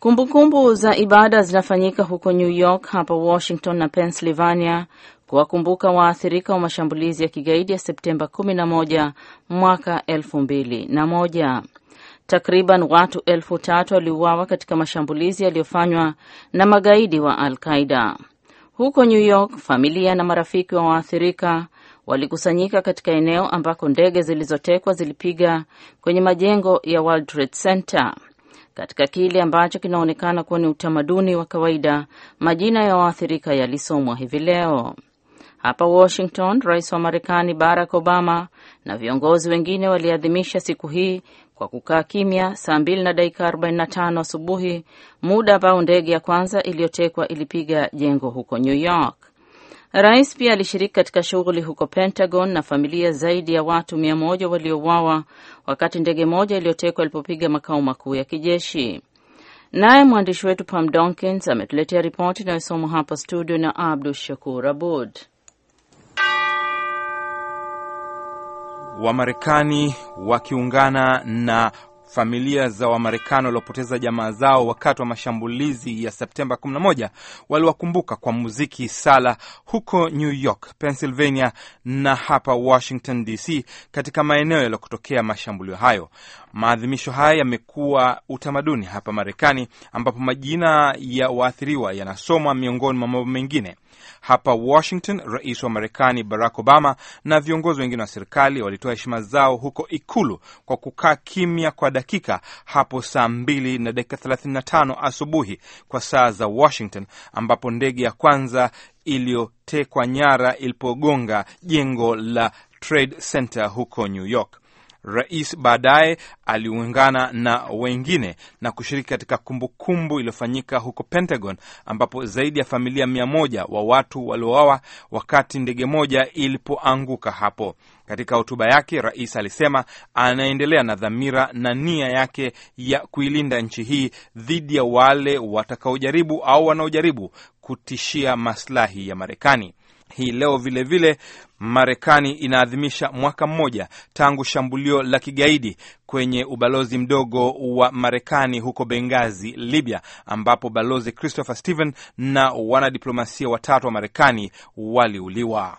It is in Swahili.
Kumbukumbu za ibada zinafanyika huko New York, hapa Washington na Pennsylvania kuwakumbuka waathirika wa mashambulizi ya kigaidi ya Septemba 11 mwaka 2001. Takriban watu elfu tatu waliuawa katika mashambulizi yaliyofanywa na magaidi wa Al-Qaida. Huko New York, familia na marafiki wa waathirika walikusanyika katika eneo ambako ndege zilizotekwa zilipiga kwenye majengo ya World Trade Center. Katika kile ambacho kinaonekana kuwa ni utamaduni wa kawaida, majina ya waathirika yalisomwa hivi leo. Hapa Washington, rais wa Marekani Barack Obama na viongozi wengine waliadhimisha siku hii kwa kukaa kimya saa 2 na dakika 45 asubuhi, muda ambao ndege ya kwanza iliyotekwa ilipiga jengo huko New York. Rais pia alishiriki katika shughuli huko Pentagon na familia zaidi ya watu mia moja waliouawa wakati ndege moja iliyotekwa ilipopiga makao makuu ya kijeshi. Naye mwandishi wetu Pam Donkins ametuletea ripoti inayosomwa hapa studio na Abdu Shakur Abud. Wamarekani wakiungana na Familia za Wamarekani waliopoteza jamaa zao wakati wa mashambulizi ya Septemba 11 waliwakumbuka kwa muziki, sala huko New York, Pennsylvania na hapa Washington DC, katika maeneo yaliyotokea mashambulio hayo. Maadhimisho haya yamekuwa utamaduni hapa Marekani, ambapo majina ya waathiriwa yanasomwa miongoni mwa mambo mengine. Hapa Washington, rais wa Marekani Barack Obama na viongozi wengine wa serikali walitoa heshima zao huko Ikulu kwa kukaa kimya kwa dakika hapo saa 2 na dakika 35 asubuhi kwa saa za Washington, ambapo ndege ya kwanza iliyotekwa nyara ilipogonga jengo la Trade Center huko New York. Rais baadaye aliungana na wengine na kushiriki katika kumbukumbu iliyofanyika huko Pentagon, ambapo zaidi ya familia mia moja wa watu waliowawa wakati ndege moja ilipoanguka hapo. Katika hotuba yake, rais alisema anaendelea na dhamira na nia yake ya kuilinda nchi hii dhidi ya wale watakaojaribu au wanaojaribu kutishia maslahi ya Marekani. Hii leo vilevile vile, Marekani inaadhimisha mwaka mmoja tangu shambulio la kigaidi kwenye ubalozi mdogo wa Marekani huko bengazi Libya, ambapo Balozi Christopher Stephen na wanadiplomasia watatu wa Marekani waliuliwa.